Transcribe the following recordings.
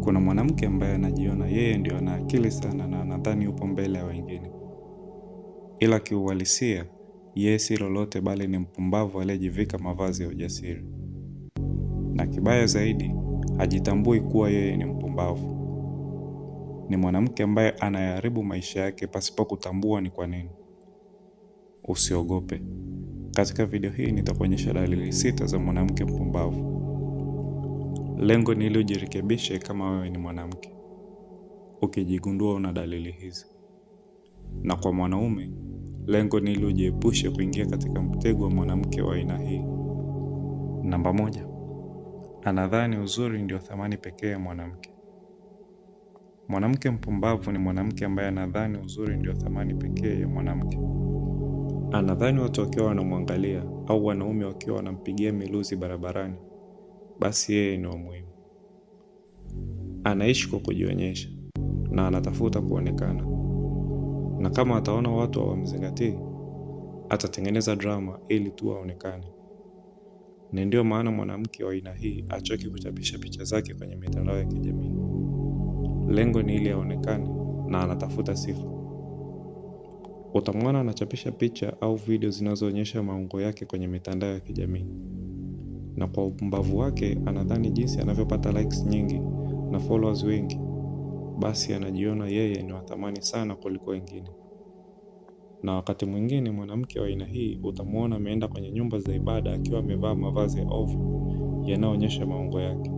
kuna mwanamke ambaye anajiona yeye ndio ana akili sana na anadhani yupo mbele ya wengine, ila kiuhalisia yeye si lolote bali ni mpumbavu aliyejivika mavazi ya ujasiri, na kibaya zaidi hajitambui kuwa yeye ni mpumbavu. Ni mwanamke ambaye anayaharibu maisha yake pasipo kutambua ni kwa nini. Usiogope. Katika video hii nitakuonyesha dalili sita za mwanamke mpumbavu. Lengo ni ili ujirekebishe kama wewe ni mwanamke ukijigundua una dalili hizi, na kwa mwanaume lengo ni ili ujiepushe kuingia katika mtego wa mwanamke wa aina hii. Namba moja, anadhani uzuri ndio thamani pekee ya mwanamke. Mwanamke mpumbavu ni mwanamke ambaye anadhani uzuri ndio thamani pekee ya mwanamke. Anadhani watu wakiwa wanamwangalia au wanaume wakiwa wanampigia miluzi barabarani basi yeye ni wa muhimu. Anaishi kwa kujionyesha na anatafuta kuonekana, na kama ataona watu hawamzingatii atatengeneza drama ili tu aonekane. ni ndio maana mwanamke wa aina hii achoki kuchapisha picha zake kwenye mitandao ya kijamii. Lengo ni ili aonekane na anatafuta sifa. Utamwona anachapisha picha au video zinazoonyesha maungo yake kwenye mitandao ya kijamii na kwa upumbavu wake anadhani jinsi anavyopata likes nyingi na followers wengi, basi anajiona yeye ni wathamani sana kuliko wengine. Na wakati mwingine mwanamke wa aina hii utamwona ameenda kwenye nyumba za ibada akiwa amevaa mavazi ya ovu yanayoonyesha maungo yake,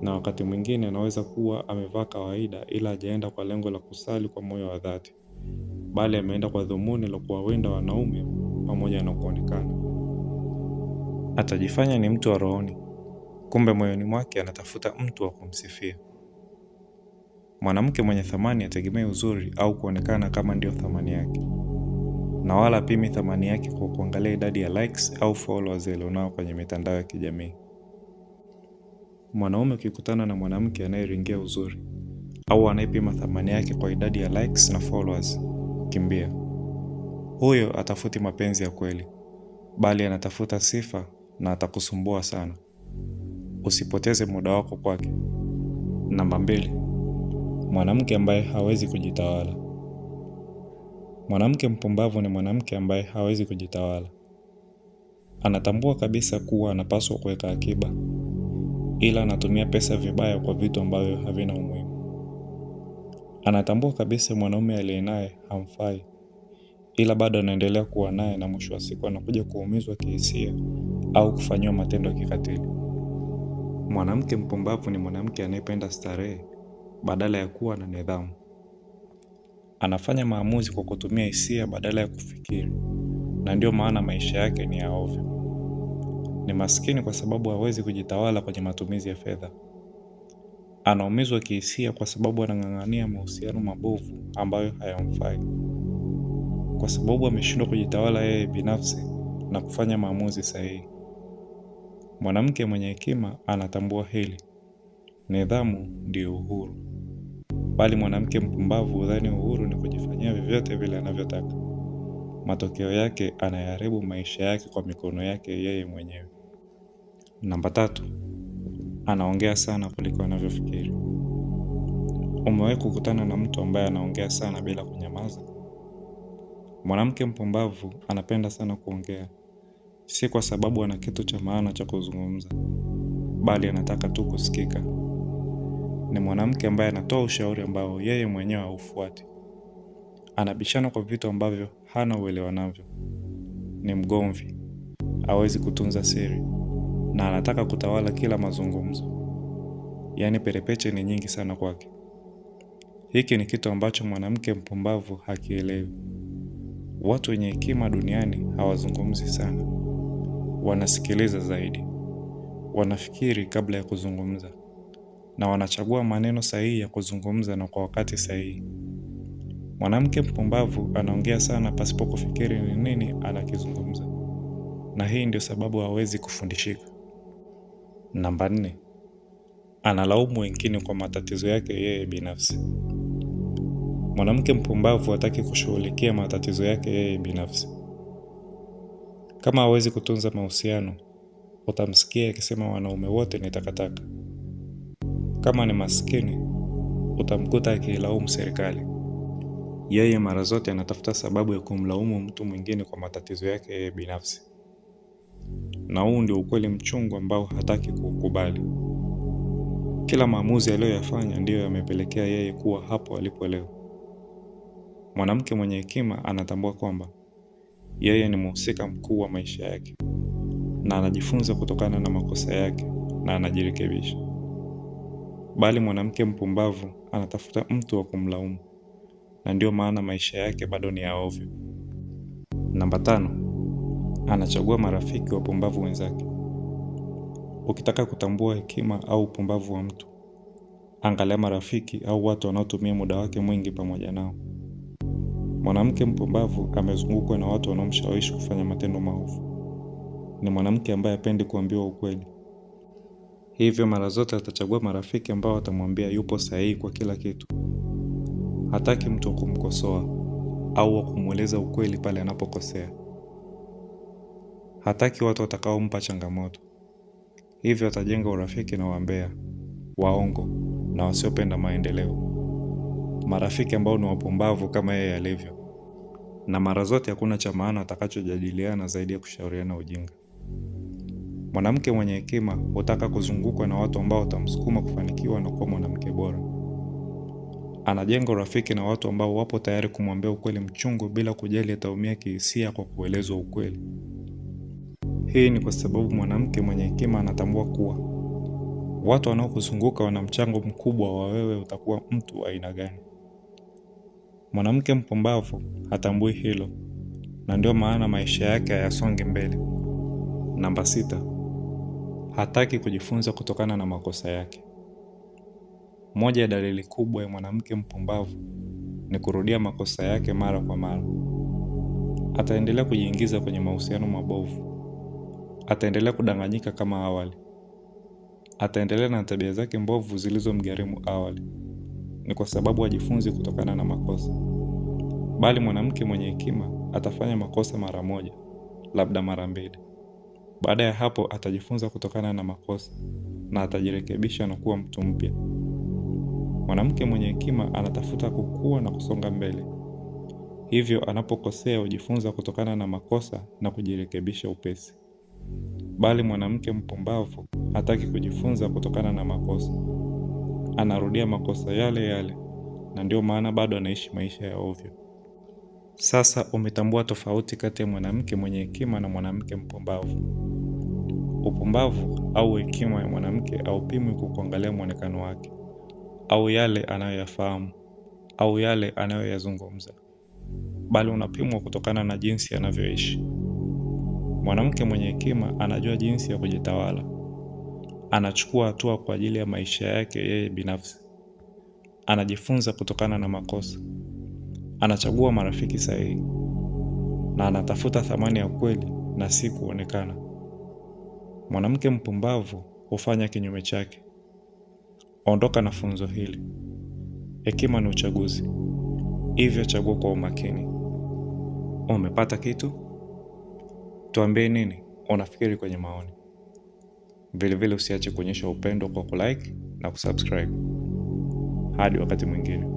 na wakati mwingine anaweza kuwa amevaa kawaida, ila hajaenda kwa lengo la kusali kwa moyo wa dhati, bali ameenda kwa dhumuni la kuwawinda wanaume pamoja na kuonekana. Atajifanya ni mtu wa rohoni, kumbe moyoni mwake anatafuta mtu wa kumsifia. Mwanamke mwenye thamani ategemee uzuri au kuonekana kama ndio thamani yake, na wala apimi thamani yake kwa kuangalia idadi ya likes au followers alionao kwenye mitandao ya kijamii. Mwanaume ukikutana na mwanamke anayeringia uzuri au anayepima thamani yake kwa idadi ya likes na followers, kimbia. Huyo atafuti mapenzi ya kweli, bali anatafuta sifa na atakusumbua sana. Usipoteze muda wako kwake. Namba mbili, mwanamke ambaye hawezi kujitawala. Mwanamke mpumbavu ni mwanamke ambaye hawezi kujitawala. Anatambua kabisa kuwa anapaswa kuweka akiba, ila anatumia pesa vibaya kwa vitu ambavyo havina umuhimu. Anatambua kabisa mwanaume aliye naye hamfai, ila bado anaendelea kuwa naye na mwisho wa siku anakuja kuumizwa kihisia au kufanyiwa matendo ya kikatili. Mwanamke mpumbavu ni mwanamke anayependa starehe badala ya kuwa na nidhamu. Anafanya maamuzi kwa kutumia hisia badala ya kufikiri, na ndiyo maana maisha yake ni yaovyo Ni maskini kwa sababu hawezi kujitawala kwenye matumizi ya fedha. Anaumizwa kihisia kwa sababu anang'ang'ania mahusiano mabovu ambayo hayamfai kwa sababu ameshindwa kujitawala yeye binafsi na kufanya maamuzi sahihi. Mwanamke mwenye hekima anatambua hili, nidhamu ndio uhuru, bali mwanamke mpumbavu hudhani uhuru ni kujifanyia vyovyote vile anavyotaka. Matokeo yake anayaharibu maisha yake kwa mikono yake yeye mwenyewe. Namba tatu, anaongea sana kuliko anavyofikiri. Umewahi kukutana na mtu ambaye anaongea sana bila kunyamaza? Mwanamke mpumbavu anapenda sana kuongea, si kwa sababu ana kitu cha maana cha kuzungumza, bali anataka tu kusikika. Ni mwanamke ambaye anatoa ushauri ambao yeye mwenyewe haufuati, anabishana kwa vitu ambavyo hana uelewa navyo. Ni mgomvi, hawezi kutunza siri na anataka kutawala kila mazungumzo. Yaani perepeche ni nyingi sana kwake. Hiki ni kitu ambacho mwanamke mpumbavu hakielewi. Watu wenye hekima duniani hawazungumzi sana, wanasikiliza zaidi, wanafikiri kabla ya kuzungumza, na wanachagua maneno sahihi ya kuzungumza na kwa wakati sahihi. Mwanamke mpumbavu anaongea sana pasipo kufikiri ni nini anakizungumza, na hii ndio sababu hawezi kufundishika. Namba nne, analaumu wengine kwa matatizo yake yeye binafsi. Mwanamke mpumbavu hataki kushughulikia matatizo yake yeye binafsi. Kama hawezi kutunza mahusiano, utamsikia akisema wanaume wote ni takataka. Kama ni maskini, utamkuta akiilaumu serikali. Yeye mara zote anatafuta sababu ya kumlaumu mtu mwingine kwa matatizo yake yeye binafsi, na huu ndio ukweli mchungu ambao hataki kuukubali. Kila maamuzi aliyoyafanya ndiyo yamepelekea yeye kuwa hapo alipo leo. Mwanamke mwenye hekima anatambua kwamba yeye ni mhusika mkuu wa maisha yake na anajifunza kutokana na makosa yake na anajirekebisha, bali mwanamke mpumbavu anatafuta mtu wa kumlaumu, na ndio maana maisha yake bado ni ya ovyo. Namba tano, anachagua marafiki wapumbavu wenzake. Ukitaka kutambua hekima au upumbavu wa mtu, angalia marafiki au watu wanaotumia muda wake mwingi pamoja nao. Mwanamke mpumbavu amezungukwa na watu wanaomshawishi kufanya matendo maovu. Ni mwanamke ambaye hapendi kuambiwa ukweli, hivyo mara zote atachagua marafiki ambao watamwambia yupo sahihi kwa kila kitu. Hataki mtu wa kumkosoa au wa kumweleza ukweli pale anapokosea. Hataki watu watakaompa changamoto, hivyo atajenga urafiki na wambea, waongo na wasiopenda maendeleo marafiki ambao ni wapumbavu kama yeye alivyo, na mara zote hakuna cha maana atakachojadiliana zaidi ya kushauriana ujinga. Mwanamke mwenye hekima hutaka kuzungukwa na watu ambao watamsukuma kufanikiwa na kuwa mwanamke bora. Anajenga urafiki na watu ambao wapo tayari kumwambia ukweli mchungu bila kujali ataumia kihisia kwa kuelezwa ukweli. Hii ni kwa sababu mwanamke mwenye hekima anatambua kuwa watu wanaokuzunguka wana mchango mkubwa wa wewe utakuwa mtu aina gani. Mwanamke mpumbavu hatambui hilo, na ndio maana maisha yake hayasongi mbele. Namba sita, hataki kujifunza kutokana na makosa yake. Moja ya dalili kubwa ya mwanamke mpumbavu ni kurudia makosa yake mara kwa mara. Ataendelea kujiingiza kwenye mahusiano mabovu, ataendelea kudanganyika kama awali, ataendelea na tabia zake mbovu zilizomgharimu awali ni kwa sababu hajifunzi kutokana na makosa, bali mwanamke mwenye hekima atafanya makosa mara moja, labda mara mbili. Baada ya hapo atajifunza kutokana na makosa na atajirekebisha na kuwa mtu mpya. Mwanamke mwenye hekima anatafuta kukua na kusonga mbele, hivyo anapokosea hujifunza kutokana na makosa na kujirekebisha upesi, bali mwanamke mpumbavu hataki kujifunza kutokana na makosa anarudia makosa yale yale, na ndio maana bado anaishi maisha ya ovyo. Sasa umetambua tofauti kati ya mwanamke mwenye hekima na mwanamke mpumbavu. Upumbavu au hekima ya mwanamke haupimwi kwa kuangalia mwonekano wake au yale anayoyafahamu au yale anayoyazungumza, bali unapimwa kutokana na jinsi anavyoishi. Mwanamke mwenye hekima anajua jinsi ya kujitawala anachukua hatua kwa ajili ya maisha yake yeye binafsi. Anajifunza kutokana na makosa, anachagua marafiki sahihi, na anatafuta thamani ya kweli na si kuonekana. Mwanamke mpumbavu hufanya kinyume chake. Ondoka na funzo hili. Hekima ni uchaguzi, hivyo chagua kwa umakini. Umepata kitu? Tuambie nini unafikiri kwenye maoni. Vilevile usiache kuonyesha upendo kwa kulike na kusubscribe. Hadi wakati mwingine.